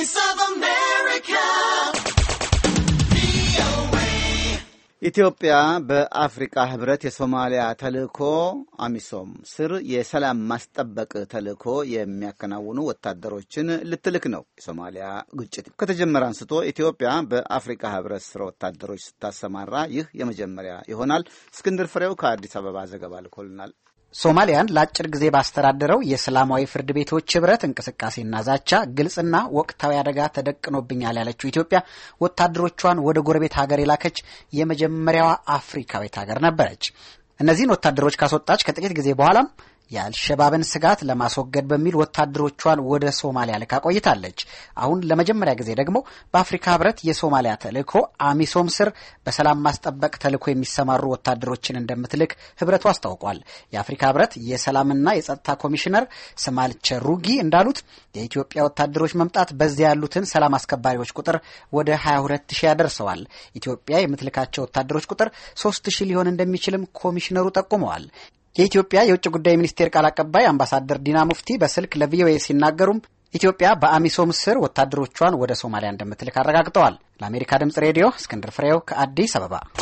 Voice of America. ኢትዮጵያ በአፍሪቃ ህብረት የሶማሊያ ተልእኮ አሚሶም ስር የሰላም ማስጠበቅ ተልእኮ የሚያከናውኑ ወታደሮችን ልትልክ ነው። የሶማሊያ ግጭት ከተጀመረ አንስቶ ኢትዮጵያ በአፍሪካ ህብረት ስር ወታደሮች ስታሰማራ ይህ የመጀመሪያ ይሆናል። እስክንድር ፍሬው ከአዲስ አበባ ዘገባ ልኮልናል። ሶማሊያን ለአጭር ጊዜ ባስተዳደረው የእስላማዊ ፍርድ ቤቶች ህብረት እንቅስቃሴና ዛቻ ግልጽና ወቅታዊ አደጋ ተደቅኖብኛል ያለችው ኢትዮጵያ ወታደሮቿን ወደ ጎረቤት ሀገር የላከች የመጀመሪያዋ አፍሪካዊት ሀገር ነበረች። እነዚህን ወታደሮች ካስወጣች ከጥቂት ጊዜ በኋላም የአልሸባብን ስጋት ለማስወገድ በሚል ወታደሮቿን ወደ ሶማሊያ ልካ ቆይታለች። አሁን ለመጀመሪያ ጊዜ ደግሞ በአፍሪካ ህብረት የሶማሊያ ተልእኮ አሚሶም ስር በሰላም ማስጠበቅ ተልእኮ የሚሰማሩ ወታደሮችን እንደምትልክ ህብረቱ አስታውቋል። የአፍሪካ ህብረት የሰላምና የጸጥታ ኮሚሽነር ስማልቸ ሩጊ እንዳሉት የኢትዮጵያ ወታደሮች መምጣት በዚያ ያሉትን ሰላም አስከባሪዎች ቁጥር ወደ 22 ሺ ያደርሰዋል። ኢትዮጵያ የምትልካቸው ወታደሮች ቁጥር 3 ሺህ ሊሆን እንደሚችልም ኮሚሽነሩ ጠቁመዋል። የኢትዮጵያ የውጭ ጉዳይ ሚኒስቴር ቃል አቀባይ አምባሳደር ዲና ሙፍቲ በስልክ ለቪኦኤ ሲናገሩም ኢትዮጵያ በአሚሶም ስር ወታደሮቿን ወደ ሶማሊያ እንደምትልክ አረጋግጠዋል። ለአሜሪካ ድምጽ ሬዲዮ እስክንድር ፍሬው ከአዲስ አበባ